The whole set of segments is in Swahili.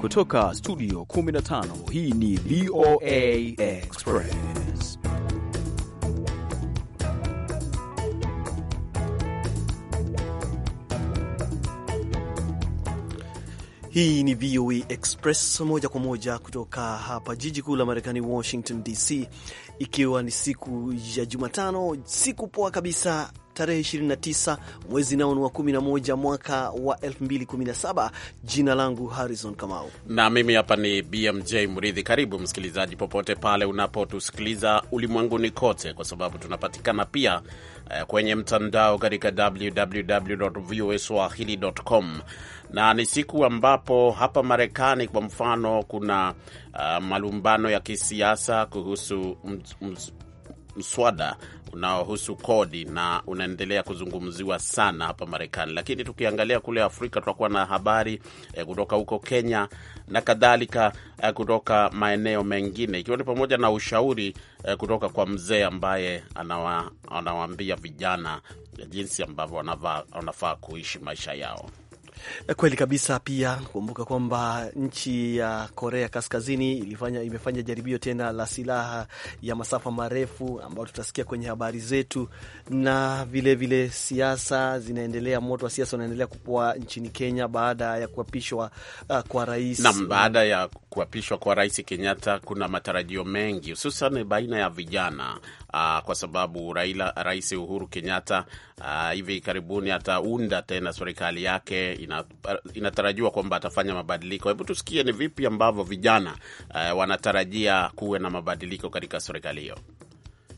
Kutoka studio 15 hii ni VOA Express. Hii ni VOA Express moja kwa moja kutoka hapa jiji kuu la Marekani, Washington DC, ikiwa ni siku ya Jumatano, siku poa kabisa tarehe 29 mwezi nao ni wa 11 mwaka wa 2017. Jina langu Harrison Kamau na mimi hapa ni BMJ Mridhi. Karibu msikilizaji, popote pale unapotusikiliza ulimwenguni kote, kwa sababu tunapatikana pia eh, kwenye mtandao katika www.voaswahili.com na ni siku ambapo hapa Marekani kwa mfano kuna uh, malumbano ya kisiasa kuhusu mswada unaohusu kodi na unaendelea kuzungumziwa sana hapa Marekani, lakini tukiangalia kule Afrika tutakuwa na habari eh, kutoka huko Kenya na kadhalika eh, kutoka maeneo mengine ikiwa ni pamoja na ushauri eh, kutoka kwa mzee ambaye anawaambia vijana jinsi ambavyo wanafaa kuishi maisha yao. Kweli kabisa. Pia kumbuka kwamba nchi ya Korea Kaskazini ilifanya, imefanya jaribio tena la silaha ya masafa marefu ambayo tutasikia kwenye habari zetu, na vilevile siasa zinaendelea, moto wa siasa unaendelea kukua nchini Kenya baada ya kuapishwa uh, kwa rais nam, baada ya kuapishwa kwa rais Kenyatta kuna matarajio mengi, hususan baina ya vijana uh, kwa sababu Raila, Rais Uhuru Kenyatta uh, hivi karibuni ataunda tena serikali yake. Ina, inatarajiwa kwamba atafanya mabadiliko. Hebu tusikie ni vipi ambavyo vijana uh, wanatarajia kuwe na mabadiliko katika serikali hiyo.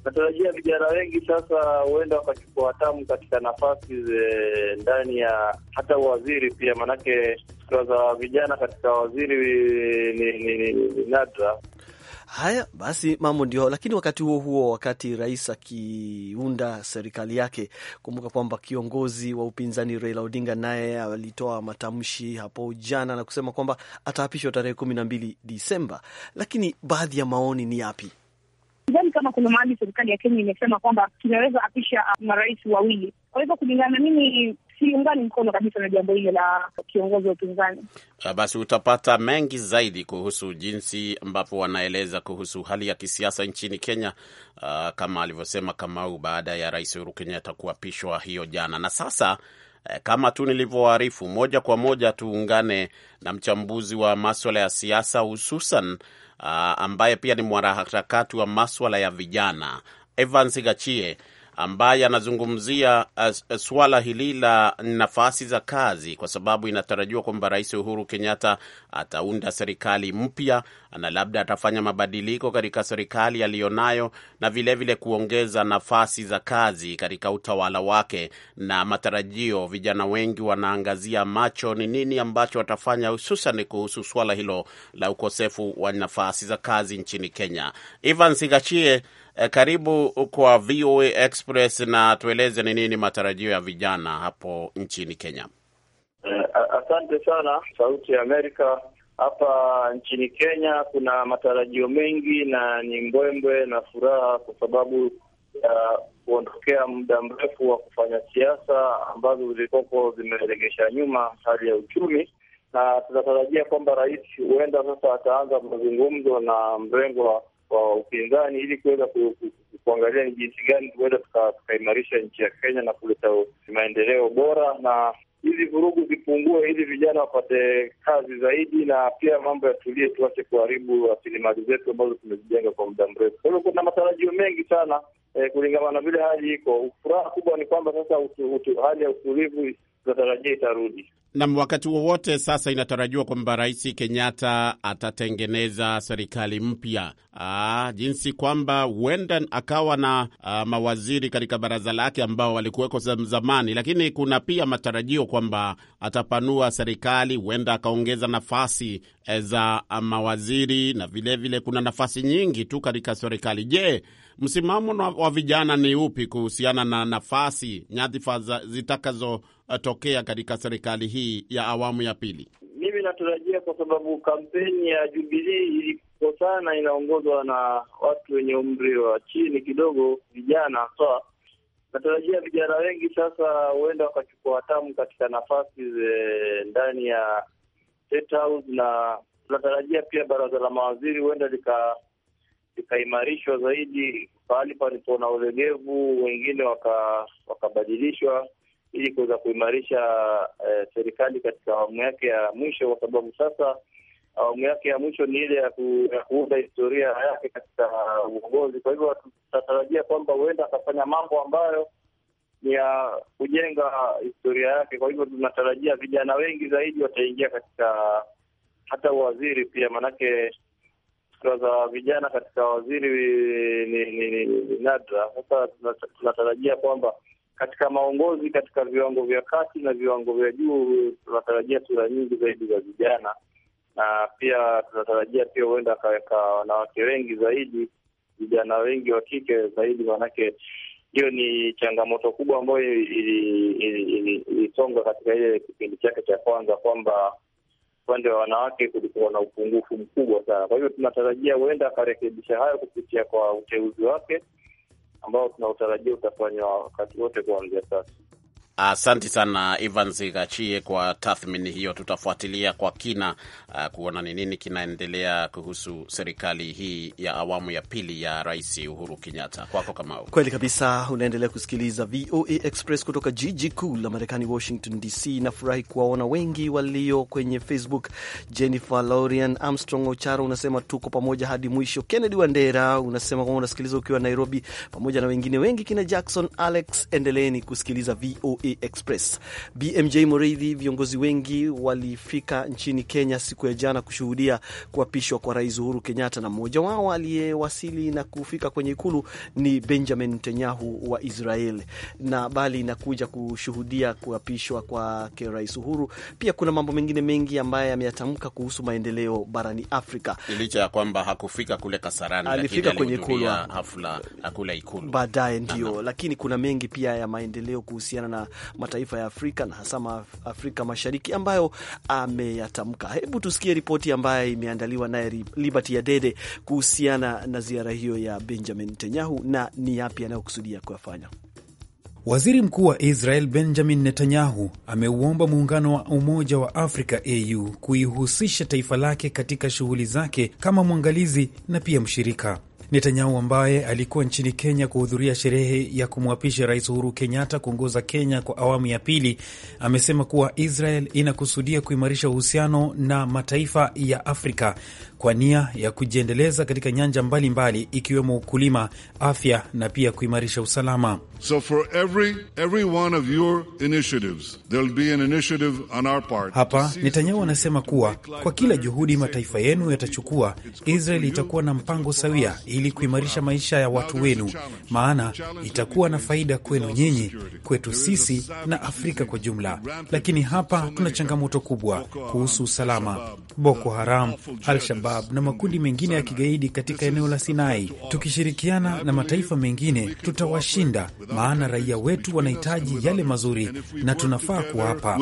Natarajia vijana wengi sasa huenda wakachukua hatamu katika nafasi eh, ndani ya hata waziri pia, maanake sura za vijana katika waziri ni, ni, ni, ni nadra. Haya basi, mambo ndio. Lakini wakati huo huo, wakati rais akiunda serikali yake, kumbuka kwamba kiongozi wa upinzani Raila Odinga naye alitoa matamshi hapo jana na kusema kwamba ataapishwa tarehe kumi na mbili Disemba. Lakini baadhi ya maoni ni yapi? Sidhani kama kuna mahali serikali ya Kenya imesema kwamba tunaweza apisha uh, marais wawili. Kwa hivyo kulingana na mimi, siungani mkono kabisa na jambo hilo la kiongozi wa upinzani. Ah, basi utapata mengi zaidi kuhusu jinsi ambapo wanaeleza kuhusu hali ya kisiasa nchini Kenya, uh, kama alivyosema Kamau, baada ya Rais Uhuru Kenyatta kuapishwa hiyo jana na sasa Eh, kama tu nilivyoarifu moja kwa moja, tuungane na mchambuzi wa maswala ya siasa hususan ah, ambaye pia ni mwanaharakati wa maswala ya vijana Evans Gachie ambaye anazungumzia uh, suala uh, hili la nafasi za kazi, kwa sababu inatarajiwa kwamba Rais Uhuru Kenyatta ataunda serikali mpya na labda atafanya mabadiliko katika serikali aliyonayo na vilevile vile kuongeza nafasi za kazi katika utawala wake na matarajio. Vijana wengi wanaangazia macho ni nini ambacho watafanya, hususan kuhusu suala hilo la ukosefu wa nafasi za kazi nchini Kenya. Evans Sigachie Eh, karibu kwa VOA Express na tueleze ni nini matarajio ya vijana hapo nchini Kenya. Eh, asante sana Sauti ya Amerika. Hapa nchini Kenya kuna matarajio mengi na ni mbwembwe na furaha kwa sababu ya kuondokea muda mrefu wa kufanya siasa ambazo zilikoko zimeregesha nyuma hali ya uchumi, na tunatarajia kwamba rais huenda sasa ataanza mazungumzo na mrengo wa wa upinzani ili kuweza kuangalia ni jinsi gani tuweza tukaimarisha nchi ya Kenya na kuleta maendeleo bora na hizi vurugu zipungue, ili vijana wapate kazi zaidi, na pia mambo yatulie, tuache kuharibu rasilimali zetu ambazo tumezijenga kwa muda mrefu. Kwa hivyo kuna matarajio mengi sana eh, kulingana na vile hali iko. Furaha kubwa ni kwamba sasa utu, utu, hali ya utulivu tunatarajia itarudi nam wakati wowote sasa inatarajiwa kwamba Rais Kenyatta atatengeneza serikali mpya, ah, jinsi kwamba huenda akawa na aa, ah, mawaziri katika baraza lake ambao walikuweko zamani, lakini kuna pia matarajio kwamba atapanua serikali, huenda akaongeza nafasi eh, za ah, mawaziri na vilevile vile kuna nafasi nyingi tu katika serikali. Je, msimamo wa vijana ni upi kuhusiana na nafasi, nyadhifa zitakazotokea katika serikali hii ya awamu ya pili? Mimi natarajia kwa sababu kampeni ya Jubilii iliko sana inaongozwa na watu wenye umri wa chini kidogo, vijana sawa. Natarajia vijana wengi sasa huenda wakachukua hatamu katika nafasi ndani ya State House, na tunatarajia pia baraza la mawaziri huenda lika ikaimarishwa zaidi pahali palipo na ulegevu, wengine wakabadilishwa waka ili kuweza kuimarisha eh, serikali katika awamu yake ya mwisho, kwa sababu sasa awamu yake ya mwisho ni ile ya, ku, ya kuunda historia yake katika uongozi. Kwa hivyo tunatarajia kwamba huenda akafanya mambo ambayo ni ya kujenga historia yake. Kwa hivyo tunatarajia vijana wengi zaidi wataingia katika hata uwaziri pia, maanake fikra za vijana katika waziri ni, ni, ni, ni nadra. Sasa tunatarajia kwamba katika maongozi katika viwango vya kati na viwango vya juu tunatarajia sura nyingi zaidi za vijana, na pia tunatarajia pia huenda akaweka wanawake wengi zaidi, vijana wengi wa kike zaidi, maanake hiyo ni changamoto kubwa ambayo ilisongwa katika ile kipindi chake cha kwanza kwamba upande wa wanawake kulikuwa na upungufu mkubwa sana. Kwa hivyo tunatarajia huenda akarekebisha hayo kupitia kwa uteuzi wake ambao tunautarajia utafanywa wakati wote kuanzia sasa. Asante sana Evans Gachie kwa tathmini hiyo. Tutafuatilia kwa kina uh, kuona ni nini kinaendelea kuhusu serikali hii ya awamu ya pili ya Rais Uhuru Kenyatta. Kwako Kamau. Kweli kabisa, unaendelea kusikiliza VOA Express kutoka jiji kuu la Marekani, Washington DC. Nafurahi kuwaona wengi walio kwenye Facebook. Jennifer Laurian Armstrong Ocharo unasema tuko pamoja hadi mwisho. Kennedy Wandera unasema kwamba unasikiliza ukiwa Nairobi, pamoja na wengine wengi, kina Jackson Alex. Endeleeni kusikiliza VOA VOA Express. BMJ Mureithi, viongozi wengi walifika nchini Kenya siku ya jana kushuhudia kuapishwa kwa Rais Uhuru Kenyatta, na mmoja wao aliyewasili na kufika kwenye ikulu ni Benjamin Netanyahu wa Israel. Na bali inakuja kushuhudia kuapishwa kwake Rais Uhuru, pia kuna mambo mengine mengi ambayo yameyatamka kuhusu maendeleo barani Afrika, licha ya kwamba hakufika kule Kasarani, alifika kwenye ikulu hafla kule ikulu baadaye, ndio. Lakini kuna mengi pia ya maendeleo kuhusiana na mataifa ya Afrika na hasa Afrika Mashariki ambayo ameyatamka. Hebu tusikie ripoti ambayo imeandaliwa naye Liberty Yadede kuhusiana na ziara hiyo ya Benjamin Netanyahu na ni yapi anayokusudia kuyafanya. Waziri Mkuu wa Israel Benjamin Netanyahu ameuomba muungano wa Umoja wa Afrika AU kuihusisha taifa lake katika shughuli zake kama mwangalizi na pia mshirika. Netanyahu ambaye alikuwa nchini Kenya kuhudhuria sherehe ya kumwapisha Rais Uhuru Kenyatta kuongoza Kenya kwa awamu ya pili, amesema kuwa Israel inakusudia kuimarisha uhusiano na mataifa ya Afrika kwa nia ya kujiendeleza katika nyanja mbalimbali mbali, ikiwemo ukulima, afya na pia kuimarisha usalama. So for every, every one of your initiatives, there'll be an initiative on our part. Hapa Netanyahu anasema kuwa kwa kila juhudi mataifa yenu yatachukua, Israel itakuwa na mpango sawia ili kuimarisha maisha ya watu wenu, maana itakuwa na faida kwenu nyinyi, kwetu sisi na Afrika kwa jumla. Lakini hapa tuna changamoto kubwa kuhusu usalama. Boko Haram, Al-Shabab na makundi mengine ya kigaidi katika eneo la Sinai, tukishirikiana na mataifa mengine tutawashinda, maana raia wetu wanahitaji yale mazuri na tunafaa kuwapa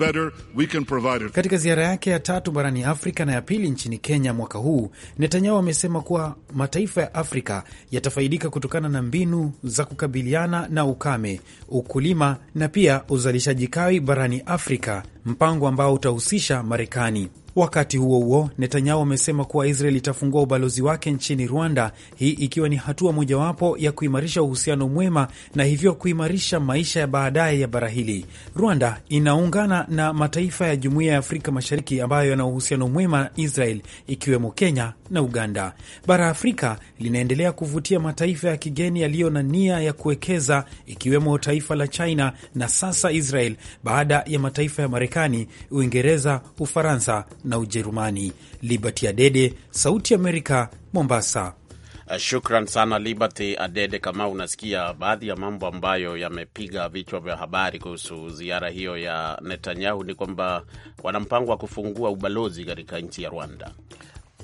better, we can provide it. Katika ziara yake ya tatu barani Afrika na ya pili nchini Kenya mwaka huu, Netanyahu amesema kuwa mataifa ya Afrika yatafaidika kutokana na mbinu za kukabiliana na ukame, ukulima na pia uzalishaji kawi barani Afrika, mpango ambao utahusisha Marekani. Wakati huo huo, Netanyahu amesema kuwa Israel itafungua ubalozi wake nchini Rwanda, hii ikiwa ni hatua mojawapo ya kuimarisha uhusiano mwema na hivyo kuimarisha maisha ya baadaye ya bara hili. Rwanda inaungana na mataifa ya Jumuiya ya Afrika Mashariki ambayo yana uhusiano mwema na Israel, ikiwemo Kenya na Uganda. Bara Afrika linaendelea kuvutia mataifa ya kigeni yaliyo na nia ya kuwekeza, ikiwemo taifa la China na sasa Israel, baada ya mataifa ya Marekani, Uingereza, Ufaransa na Ujerumani. Liberty Adede, Sauti Amerika, Mombasa. Uh, shukran sana Liberty Adede. Kama unasikia baadhi ya mambo ambayo yamepiga vichwa vya habari kuhusu ziara hiyo ya Netanyahu ni kwamba wana mpango wa kufungua ubalozi katika nchi ya Rwanda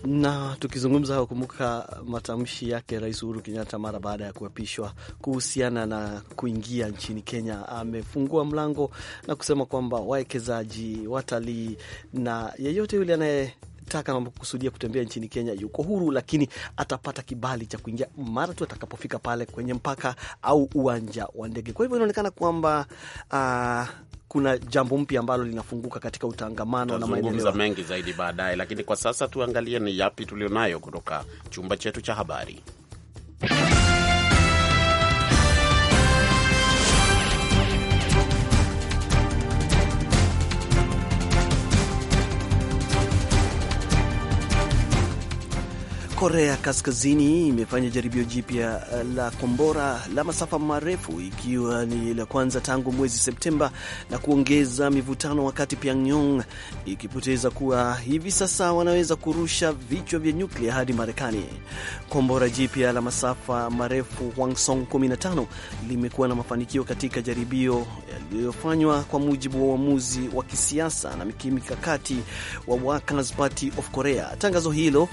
na tukizungumza, kumbuka matamshi yake Rais Uhuru Kenyatta mara baada ya kuapishwa kuhusiana na kuingia nchini Kenya, amefungua mlango na kusema kwamba wawekezaji, watalii na yeyote yule anaye taka kusudia kutembea nchini Kenya yuko huru, lakini atapata kibali cha kuingia mara tu atakapofika pale kwenye mpaka au uwanja wa ndege. Kwa hivyo inaonekana kwamba uh, kuna jambo mpya ambalo linafunguka katika utangamano na maendeleo mengi zaidi baadaye, lakini kwa sasa tuangalie ni yapi tulionayo kutoka chumba chetu cha habari. Korea Kaskazini imefanya jaribio jipya eh, la kombora la masafa marefu ikiwa ni la kwanza tangu mwezi Septemba na kuongeza mivutano, wakati Pyongyang ikipoteza kuwa hivi sasa wanaweza kurusha vichwa vya nyuklia hadi Marekani. Kombora jipya la masafa marefu Hwasong 15 limekuwa na mafanikio katika jaribio yaliyofanywa kwa mujibu wa uamuzi wa kisiasa na kimikakati wa Workers Party of Korea. Tangazo hilo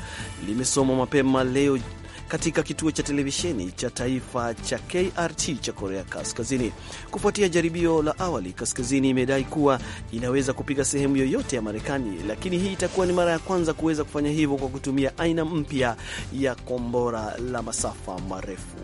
limesoma mtazamo mapema leo katika kituo cha televisheni cha taifa cha KRT cha Korea Kaskazini kufuatia jaribio la awali. Kaskazini imedai kuwa inaweza kupiga sehemu yoyote ya Marekani, lakini hii itakuwa ni mara ya kwanza kuweza kufanya hivyo kwa kutumia aina mpya ya kombora la masafa marefu.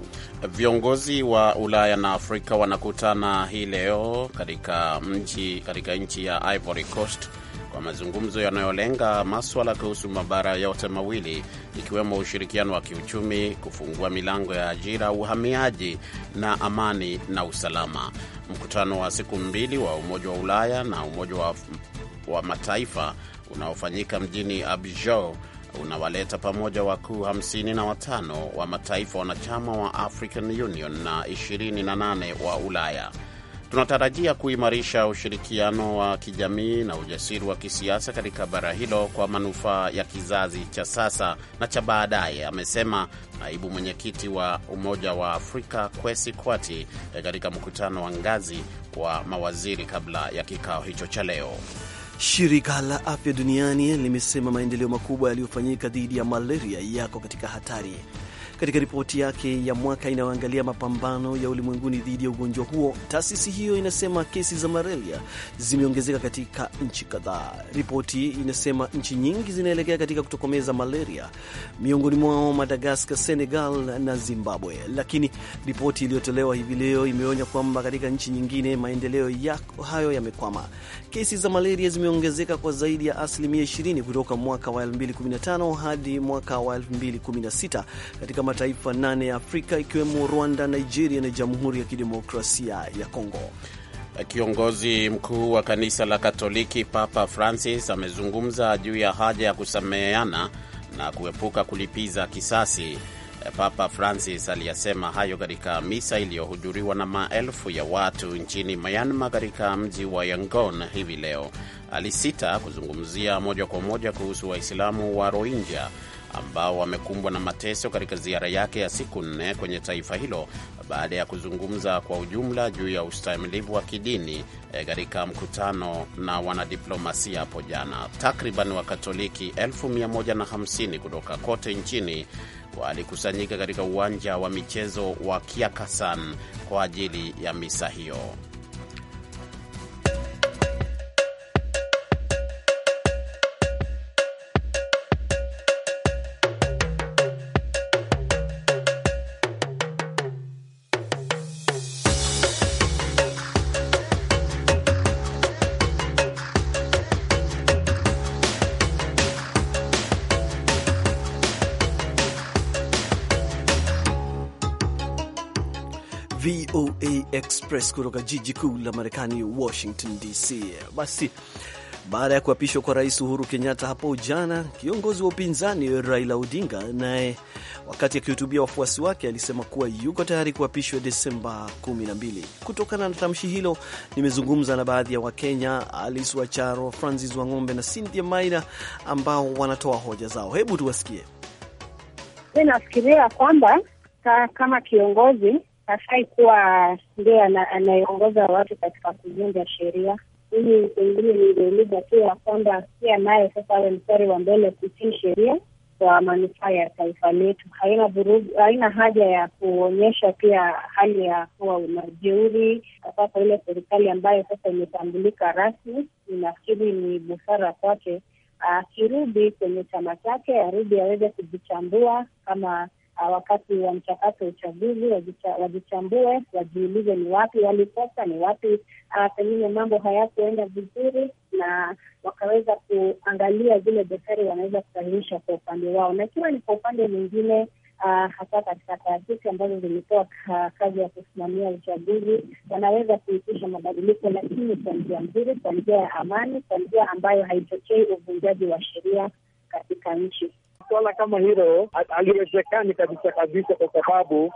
Viongozi wa Ulaya na Afrika wanakutana hii leo katika mji katika nchi ya Ivory Coast kwa mazungumzo yanayolenga maswala kuhusu mabara yote mawili ikiwemo ushirikiano wa kiuchumi, kufungua milango ya ajira, uhamiaji na amani na usalama. Mkutano wa siku mbili wa Umoja wa Ulaya na Umoja wa, wa Mataifa unaofanyika mjini Abidjan unawaleta pamoja wakuu 55 wa mataifa wanachama wa African Union na 28 wa Ulaya. Tunatarajia kuimarisha ushirikiano wa kijamii na ujasiri wa kisiasa katika bara hilo kwa manufaa ya kizazi cha sasa na cha baadaye, amesema naibu mwenyekiti wa Umoja wa Afrika Kwesi Kwati katika mkutano wa ngazi wa mawaziri kabla ya kikao hicho cha leo. Shirika la Afya Duniani limesema maendeleo makubwa yaliyofanyika dhidi ya malaria yako katika hatari katika ripoti yake ya mwaka inayoangalia mapambano ya ulimwenguni dhidi ya ugonjwa huo, taasisi hiyo inasema kesi za malaria zimeongezeka katika nchi kadhaa. Ripoti inasema nchi nyingi zinaelekea katika kutokomeza malaria, miongoni mwao Madagaskar, Senegal na Zimbabwe. Lakini ripoti iliyotolewa hivi leo imeonya kwamba katika nchi nyingine maendeleo yako hayo yamekwama. Kesi za malaria zimeongezeka kwa zaidi ya asilimia 20 kutoka mwaka wa 2015 hadi mwaka wa 2016 katika mataifa nane ya Afrika ikiwemo Rwanda, Nigeria na Jamhuri ya Kidemokrasia ya Kongo. Kiongozi mkuu wa kanisa la Katoliki Papa Francis amezungumza juu ya haja ya kusameheana na kuepuka kulipiza kisasi. Papa Francis aliyasema hayo katika misa iliyohudhuriwa na maelfu ya watu nchini Myanmar katika mji wa Yangon hivi leo. Alisita kuzungumzia moja kwa moja kuhusu Waislamu wa Rohingya ambao wamekumbwa na mateso katika ziara yake ya siku nne kwenye taifa hilo baada ya kuzungumza kwa ujumla juu ya ustahimilivu wa kidini eh, katika mkutano na wanadiplomasia hapo jana. Takriban Wakatoliki 150 kutoka kote nchini walikusanyika katika uwanja wa michezo wa Kiakasan kwa ajili ya misa hiyo. Express kutoka jiji kuu la Marekani, Washington DC. Basi baada ya kuapishwa kwa Rais Uhuru Kenyatta hapo jana, kiongozi wa upinzani Raila Odinga naye, wakati akihutubia wafuasi wake, alisema kuwa yuko tayari kuapishwa Desemba 12. Kutokana na tamshi hilo, nimezungumza na baadhi ya Wakenya, Alice Wacharo, Francis Wang'ombe na Cynthia Maina ambao wanatoa hoja zao. Hebu tuwasikie. Nafikiria kwamba kama kiongozi hafai kuwa ndiye anayeongoza watu katika kuvunja sheria. Hili pengine ningeuliza tu ya kwamba pia naye sasa awe mstari wa mbele kutii sheria kwa manufaa ya taifa letu. Haina vurugu, haina haja ya kuonyesha pia hali ya kuwa unajeuri sasa. Ile serikali ambayo sasa imetambulika rasmi, inafikiri ni busara kwake akirudi kwenye chama chake, arudi aweze kujichambua kama Uh, wakati wa mchakato wa uchaguzi wajichambue, wajiulize ni wapi walikosa, ni wapi uh, pengine mambo hayakuenda vizuri, na wakaweza kuangalia zile dosari wanaweza kusahihisha kwa upande wao, na ikiwa ni kwa upande mwingine Uh, hasa katika taasisi ambazo zilitoa kazi ya kusimamia uchaguzi wanaweza kuitisha mabadiliko, lakini kwa njia nzuri, kwa njia ya amani, kwa njia ambayo haichochei uvunjaji wa sheria katika nchi. Swala kama hilo aliwezekani kabisa kabisa, kwa sababu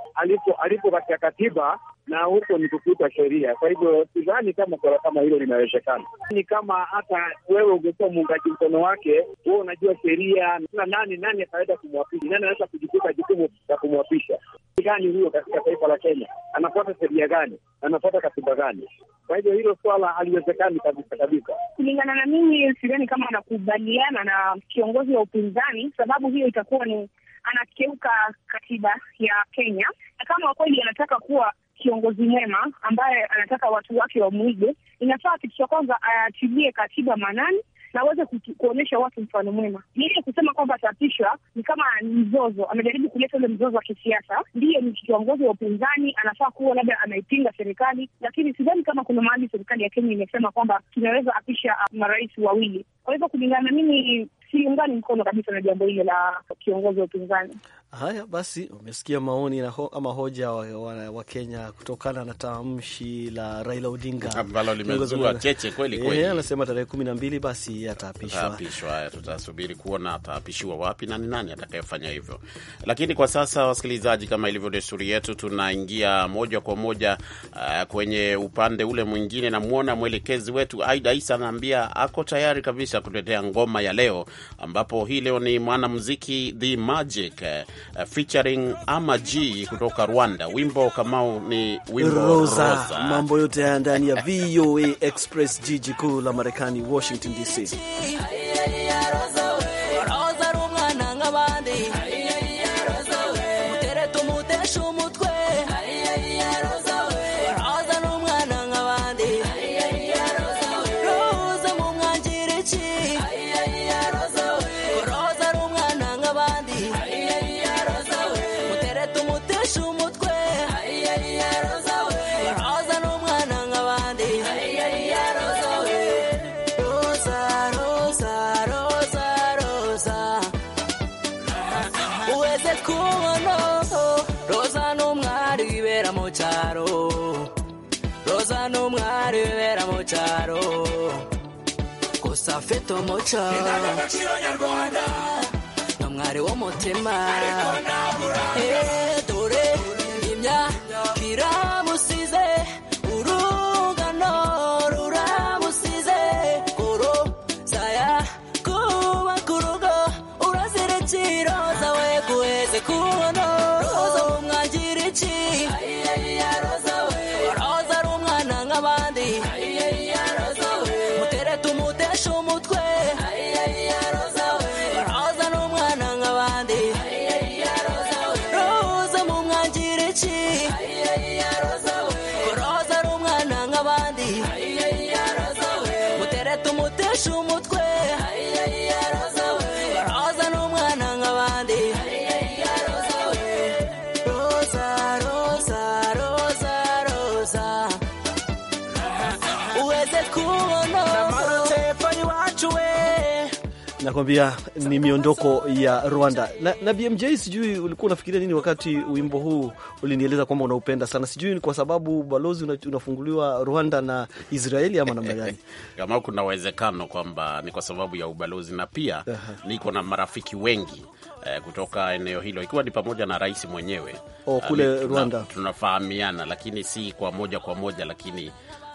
alipo katika katiba na huko ni kukiuka sheria. Kwa hivyo sidhani kama swala kama hilo linawezekana. Ni kama hata wewe ungekuwa muungaji mkono wake, huo unajua sheria na nani nani ataweza kumwapisha, nani anaweza kujikuta jukumu la kumwapisha gani huyo katika taifa la Kenya, anafuata sheria gani, anafuata katiba gani? Kwa hivyo hilo swala haliwezekani kabisa kabisa. Kulingana na mimi, sidhani kama anakubaliana na kiongozi wa upinzani, sababu hiyo itakuwa ni anakeuka katiba ya Kenya, na kama kweli anataka kuwa kiongozi mwema ambaye anataka watu wake wamwige, inafaa kitu cha kwanza ayatilie katiba manani na aweze kuonyesha watu mfano mwema. Yeye kusema kwamba atapishwa ni kama mzozo, amejaribu kuleta ule mzozo wa kisiasa. ndiye ni kiongozi wa upinzani, anafaa kuwa labda anaipinga serikali, lakini sidhani kama kuna mahali serikali ya Kenya imesema kwamba tunaweza apisha uh, marais wawili. Kwa hivyo kulingana na mimi, siungani mkono kabisa na jambo hilo la kiongozi wa upinzani. Haya basi, umesikia maoni na ho, ama hoja wa, wa Kenya kutokana na tamshi la Raila Odinga ambalo limezua cheche kweli kweli. Yeye eh, anasema tarehe kumi na mbili basi ataapishwa. haya tutasubiri kuona ataapishiwa wapi na ni nani atakayefanya hivyo. Lakini kwa sasa, wasikilizaji, kama ilivyo desturi yetu, tunaingia moja kwa moja uh, kwenye upande ule mwingine. Namwona mwelekezi wetu Aida Isa anaambia ako tayari kabisa kutetea ngoma ya leo, ambapo hii leo ni mwanamuziki The Magic uh, featuring Ama G kutoka Rwanda. Wimbo kamao ni wimbo Rosa. Rosa. Mambo yote haya ndani ya VOA Express, jiji kuu la Marekani, Washington DC. tomoco ni umwari w'umutima Nakwambia ni miondoko ya Rwanda na, na BMJ, sijui ulikuwa unafikiria nini wakati wimbo huu ulinieleza kwamba unaupenda sana. Sijui ni kwa sababu balozi unafunguliwa Rwanda na Israeli ama namna gani? Kama kuna uwezekano kwamba ni kwa sababu ya ubalozi, na pia niko na marafiki wengi eh, kutoka eneo hilo, ikiwa ni pamoja na rais mwenyewe o, oh, kule eh, Rwanda tunafahamiana, lakini si kwa moja kwa moja, lakini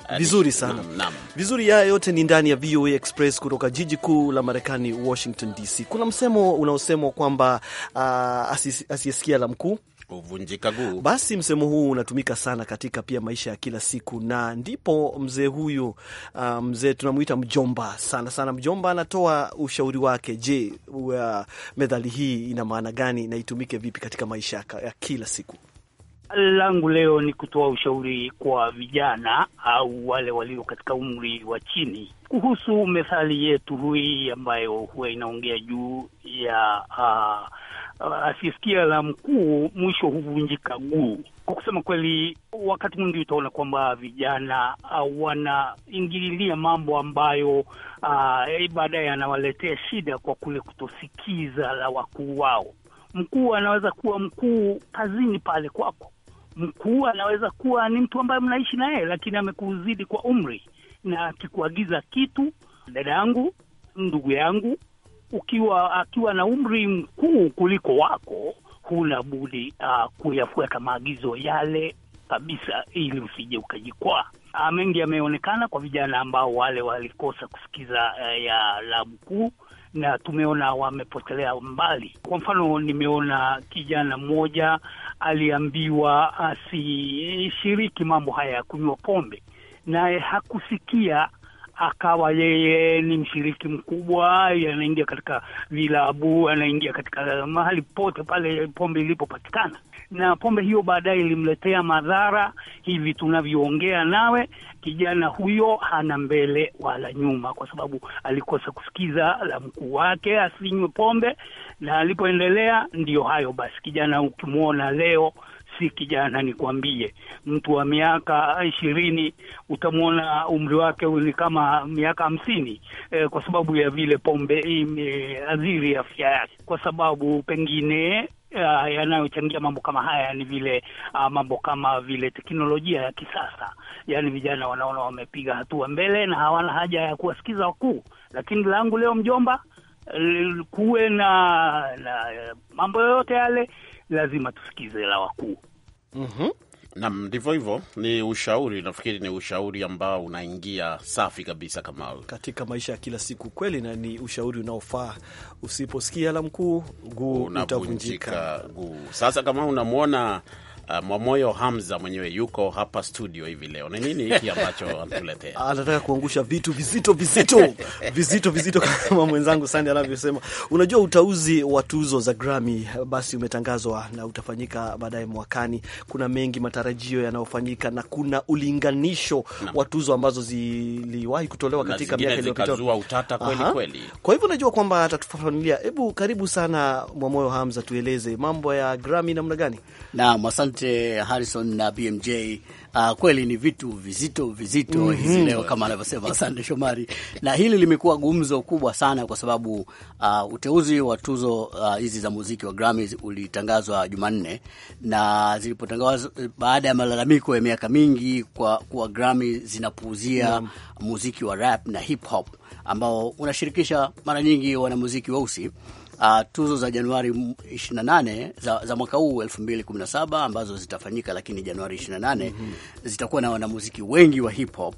Yaani, vizuri sana Vizuri, haya yote ni ndani ya VOA Express kutoka jiji kuu la Marekani, Washington DC. Kuna msemo unaosemwa kwamba uh, asiyesikia la mkuu huvunjika guu. Basi msemo huu unatumika sana katika pia maisha ya kila siku, na ndipo mzee huyu uh, mzee tunamwita mjomba sana sana. Mjomba anatoa ushauri wake. Je, uh, methali hii ina maana gani na itumike vipi katika maisha ya kila siku? langu leo ni kutoa ushauri kwa vijana au wale walio katika umri wa chini kuhusu methali yetu hii ambayo huwa inaongea juu ya uh, asisikia la mkuu mwisho huvunjika guu. Kwa kusema kweli, wakati mwingi utaona kwamba vijana uh, wanaingililia mambo ambayo uh, baadaye yanawaletea shida kwa kule kutosikiza la wakuu wao. Mkuu anaweza kuwa mkuu kazini pale kwako, mkuu anaweza kuwa ni mtu ambaye mnaishi naye, lakini amekuzidi kwa umri, na akikuagiza kitu, dada yangu, ndugu yangu, ukiwa akiwa na umri mkuu kuliko wako, huna budi uh, kuyafuata maagizo yale kabisa, ili usije ukajikwaa. Ah, mengi yameonekana kwa vijana ambao wale walikosa kusikiza uh, ya la mkuu na tumeona wamepotelea mbali. Kwa mfano, nimeona kijana mmoja aliambiwa asishiriki mambo haya ya kunywa pombe, naye hakusikia akawa yeye ni mshiriki mkubwa, anaingia katika vilabu, anaingia katika mahali pote pale pombe ilipopatikana. Na pombe hiyo baadaye ilimletea madhara. Hivi tunavyoongea nawe, kijana huyo hana mbele wala nyuma, kwa sababu alikosa kusikiza la mkuu wake asinywe pombe, na alipoendelea ndiyo hayo basi. Kijana ukimwona leo si kijana, nikwambie, mtu wa miaka ishirini utamwona umri wake ni kama miaka hamsini eh, kwa sababu ya vile pombe imeadhiri afya yake, kwa sababu pengine Uh, yanayochangia mambo kama haya ni vile uh, mambo kama vile teknolojia ya kisasa, yaani vijana wanaona wamepiga hatua mbele na hawana haja ya kuwasikiza wakuu. Lakini langu leo mjomba, kuwe na, na mambo yoyote yale, lazima tusikize la wakuu. mm -hmm. Nam, ndivyo hivyo. Ni ushauri, nafikiri ni ushauri ambao unaingia safi kabisa kama katika maisha ya kila siku kweli, na ni ushauri unaofaa. Usiposikia la mkuu, guu utavunjika guu. Sasa kama unamwona Uh, Mwamoyo Hamza mwenyewe yuko hapa studio hivi leo. Ni nini hiki ambacho anatuletea? Ah, anataka kuangusha vitu vizito vizito vizito vizito kama mwenzangu Sandi anavyosema. Unajua, uteuzi wa tuzo za Grammy basi umetangazwa na utafanyika baadaye mwakani. Kuna mengi matarajio yanayofanyika na kuna ulinganisho wa tuzo ambazo ziliwahi kutolewa katika miaka iliyopita. Kweli kweli. Kwa hivyo najua kwamba atatufafanulia. Hebu karibu sana Mwamoyo Hamza, tueleze mambo ya Grammy namna gani? Naam, asante asante Harrison na BMJ. Uh, ah, kweli ni vitu vizito vizito mm -hmm. hizi leo kama anavyosema Sande Shomari, na hili limekuwa gumzo kubwa sana kwa sababu uh, uteuzi wa tuzo ah, hizi uh, za muziki wa Grammys ulitangazwa Jumanne na zilipotangazwa baada ya malalamiko ya miaka mingi kwa kuwa Grammy zinapuuzia mm -hmm. muziki wa rap na hip hop ambao unashirikisha mara nyingi wanamuziki weusi wa uh, tuzo za Januari 28 za, za mwaka huu 2017 ambazo zitafanyika lakini Januari 28 mm -hmm. zitakuwa na wanamuziki wengi wa hip hop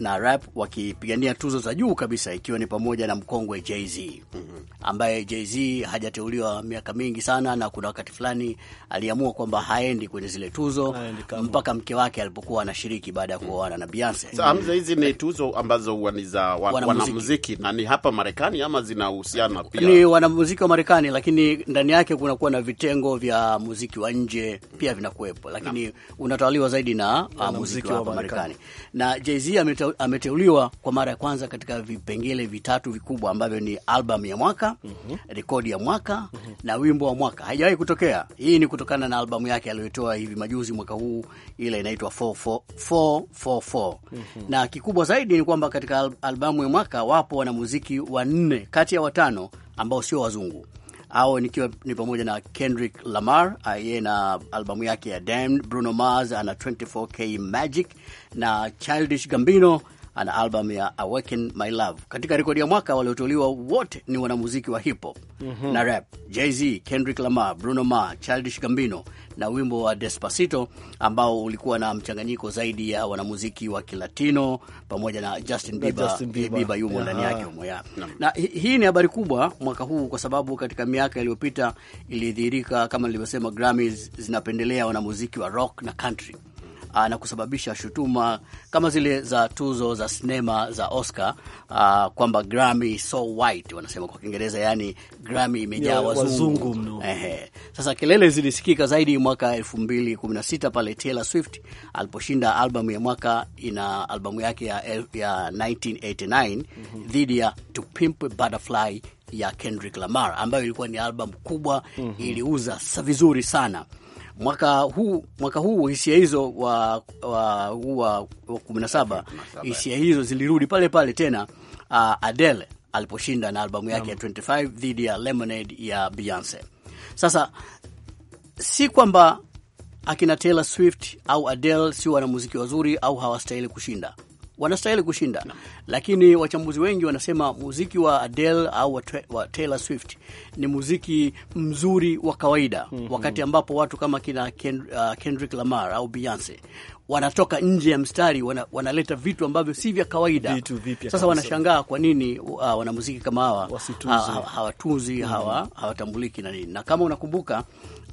na rap wakipigania tuzo za juu kabisa, ikiwa ni pamoja na mkongwe Jay-Z mm -hmm. ambaye Jay-Z hajateuliwa miaka mingi sana, na kuna wakati fulani aliamua kwamba haendi kwenye zile tuzo mpaka mke wake alipokuwa anashiriki baada ya mhm. kuoana na Beyonce. Sasa hizi ni tuzo ambazo huwa ni za wanamuziki na ni hapa Marekani ama zinahusiana pia? Ni wanamuziki wa Marekani, lakini ndani yake kunakuwa na vitengo vya muziki wa nje pia vinakuwepo, lakini unatawaliwa zaidi na, na ah, muziki wa hapa Marekani na Jay-Z ameteuliwa ameteuliwa kwa mara ya kwanza katika vipengele vitatu vikubwa ambavyo ni albamu ya mwaka mm -hmm. rekodi ya mwaka mm -hmm. na wimbo wa mwaka. Haijawahi kutokea. Hii ni kutokana na albamu yake aliyotoa hivi majuzi mwaka huu, ile inaitwa 444 mm -hmm. na kikubwa zaidi ni kwamba katika albamu ya mwaka wapo wanamuziki wanne kati ya watano ambao sio wazungu au nikiwa ni pamoja na Kendrick Lamar aye na albamu yake ya Damn, Bruno Mars ana 24K Magic na Childish Gambino ana albamu ya Awaken My Love. Katika rekodi ya mwaka walioteuliwa wote ni wanamuziki wa hip hop mm -hmm. na rap, Jay-Z, Kendrick Lamar, Bruno Mars, Childish Gambino na wimbo wa Despacito ambao ulikuwa na mchanganyiko zaidi ya wanamuziki wa Kilatino pamoja na Justin Bieber, Justin Bieber. Bieber yumo ndani yake humo ya. Na hii ni habari kubwa mwaka huu kwa sababu katika miaka iliyopita ilidhihirika kama nilivyosema, Grammys zinapendelea wanamuziki wa rock na country uh, na kusababisha shutuma kama zile za tuzo za sinema za Oscar uh, kwamba Grammy so white wanasema kwa Kiingereza, yani Grammy imejaa yeah, wazungu, wazungu. Ehe. Sasa kelele zilisikika zaidi mwaka 2016 pale Taylor Swift aliposhinda albamu ya mwaka ina albamu yake ya, ya 1989 mm -hmm. dhidi ya To Pimp Butterfly ya Kendrick Lamar ambayo ilikuwa ni albamu kubwa mm -hmm. iliuza vizuri sana mwaka huu mwaka huu hisia hizo wa wa, wa, wa kumi na saba hisia hizo zilirudi pale pale tena uh, Adele aliposhinda na albamu yake ya 25 dhidi ya Lemonade ya Beyonce. Sasa si kwamba akina Taylor Swift au Adele si wanamuziki wazuri au hawastahili kushinda, wanastahili kushinda no. Lakini wachambuzi wengi wanasema muziki wa Adele au wa, wa Taylor Swift ni muziki mzuri wa kawaida mm -hmm. Wakati ambapo watu kama kina Ken, uh, Kendrick Lamar au Beyonce wanatoka nje ya mstari wana, wanaleta vitu ambavyo si vya kawaida vitu. Sasa wanashangaa kwa nini uh, wanamuziki kama hawa uh, hawatunzi mm -hmm. hawatambuliki na nini, na kama unakumbuka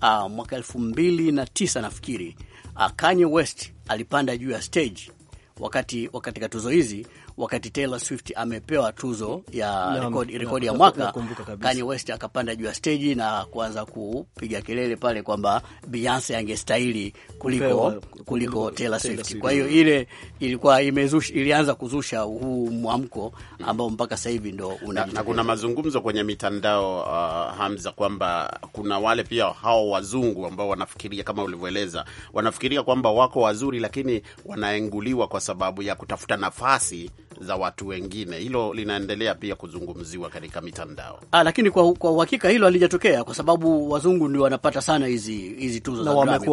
uh, mwaka elfu mbili na tisa nafikiri uh, Kanye West alipanda juu ya stage wakati, wakati katika tuzo hizi wakati Taylor Swift amepewa tuzo ya rekodi rekodi ya mwaka, Kanye West akapanda juu ya stage na kuanza kupiga kelele pale kwamba Beyonce angestahili kuliko kuliko Taylor Swift. Kwa hiyo ile ilikuwa imezusha, ilianza kuzusha huu mwamko ambao mpaka sasa hivi ndo una na, na kuna mazungumzo kwenye mitandao uh, Hamza kwamba kuna wale pia hao wazungu ambao wanafikiria kama ulivyoeleza, wanafikiria kwamba wako wazuri, lakini wanaenguliwa kwa sababu ya kutafuta nafasi za watu wengine. Hilo linaendelea pia kuzungumziwa katika mitandao ah, lakini kwa, kwa uhakika hilo halijatokea kwa sababu wazungu ndio wanapata sana hizi hizi tuzo za Grammy,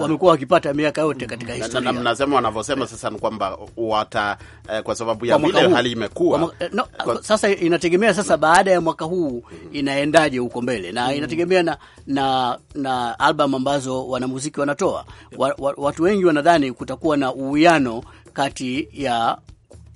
wamekuwa wakipata miaka yote katika historia na mnasema wanavyosema sasa ni kwamba wata eh, kwa sababu ya vile hali imekuwa no, kwa... Sasa inategemea sasa mm. baada ya mwaka huu mm-hmm. inaendaje huko mbele na mm-hmm. inategemea na, na, na album ambazo wanamuziki wanatoa wa, wa, watu wengi wanadhani kutakuwa na uwiano kati ya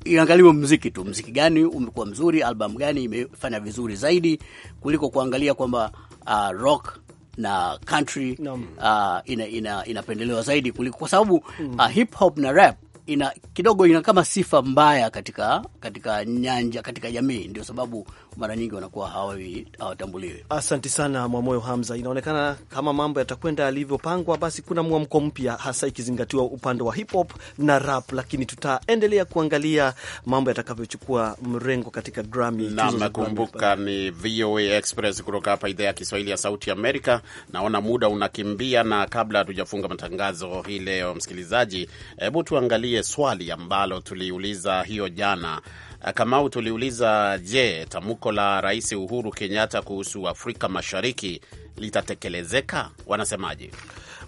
iangaliwe mziki tu, mziki gani umekuwa mzuri, albamu gani imefanya vizuri zaidi kuliko kuangalia kwamba uh, rock na country no. uh, inapendelewa ina, ina zaidi kuliko kwa sababu mm. uh, hip hop na rap ina kidogo ina kama sifa mbaya katika katika nyanja katika jamii, ndio sababu mara nyingi wanakuwa hawawi hawatambuliwi. Asante sana Mwamoyo Hamza. Inaonekana kama mambo yatakwenda yalivyopangwa, basi kuna mwamko mpya, hasa ikizingatiwa upande wa hip hop na rap, lakini tutaendelea kuangalia mambo yatakavyochukua mrengo katika Grammy. Nakumbuka ni VOA Express kutoka hapa idhaa ya Kiswahili ya Sauti Amerika. Naona muda unakimbia, na kabla hatujafunga matangazo hii leo, msikilizaji, hebu tuangalie tuangalie swali ambalo tuliuliza hiyo jana. Eh, Kamau, tuliuliza je, tamko la Rais Uhuru Kenyatta kuhusu Afrika Mashariki litatekelezeka? Wanasemaje?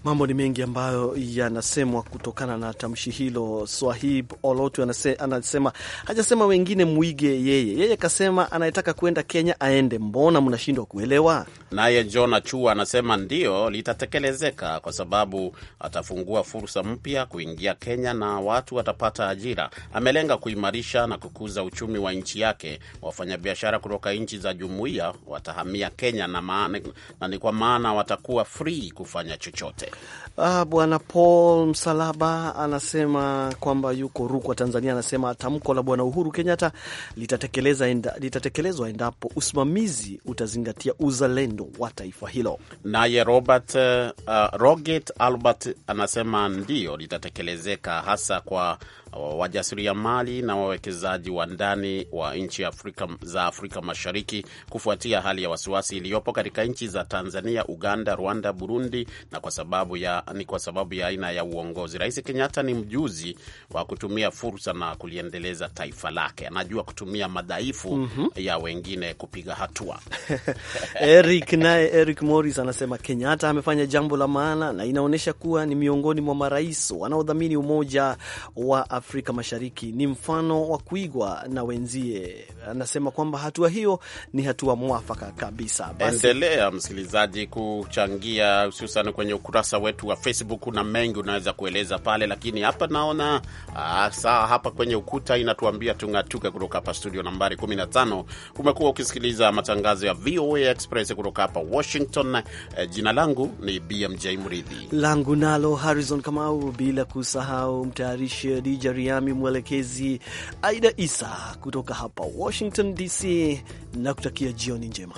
Mambo ni mengi ambayo yanasemwa kutokana na tamshi hilo. Swahib Olotu anase, anasema hajasema wengine mwige yeye, yeye kasema anayetaka kwenda Kenya aende, mbona mnashindwa kuelewa? Naye John Achua anasema ndio litatekelezeka kwa sababu atafungua fursa mpya kuingia Kenya na watu watapata ajira. Amelenga kuimarisha na kukuza uchumi wa nchi yake. Wafanyabiashara kutoka nchi za jumuiya watahamia Kenya na, maana, na ni kwa maana watakuwa free kufanya chochote. Ah, Bwana Paul Msalaba anasema kwamba yuko Rukwa, Tanzania. Anasema tamko la Bwana Uhuru Kenyatta litatekelezwa enda, litatekelezwa endapo usimamizi utazingatia uzalendo wa taifa hilo. Naye Robert uh, Roget Albert anasema ndio litatekelezeka hasa kwa wajasiriamali na wawekezaji wa ndani wa nchi Afrika, za Afrika Mashariki kufuatia hali ya wasiwasi iliyopo katika nchi za Tanzania, Uganda, Rwanda, Burundi na kwa sababu sababu ya ni kwa sababu ya aina ya uongozi. Rais Kenyatta ni mjuzi wa kutumia fursa na kuliendeleza taifa lake, anajua kutumia madhaifu mm -hmm. ya wengine kupiga hatua. Eric naye Eric Morris anasema Kenyatta amefanya jambo la maana na inaonyesha kuwa ni miongoni mwa marais wanaodhamini umoja wa Afrika Mashariki, ni mfano wa kuigwa na wenzie. Anasema kwamba hatua hiyo ni hatua mwafaka kabisa. Basi endelea msikilizaji kuchangia hususan kwenye ukurasa ukurasa wetu wa Facebook na mengi unaweza kueleza pale, lakini hapa naona aa, ah, saa hapa kwenye ukuta inatuambia tung'atuke. Kutoka hapa studio nambari 15 umekuwa ukisikiliza matangazo ya VOA Express kutoka hapa Washington. E, jina langu ni BMJ Mridhi, langu nalo Harrison Kamau, bila kusahau mtayarishi DJ Riami, mwelekezi Aida Isa kutoka hapa Washington DC, na kutakia jioni njema.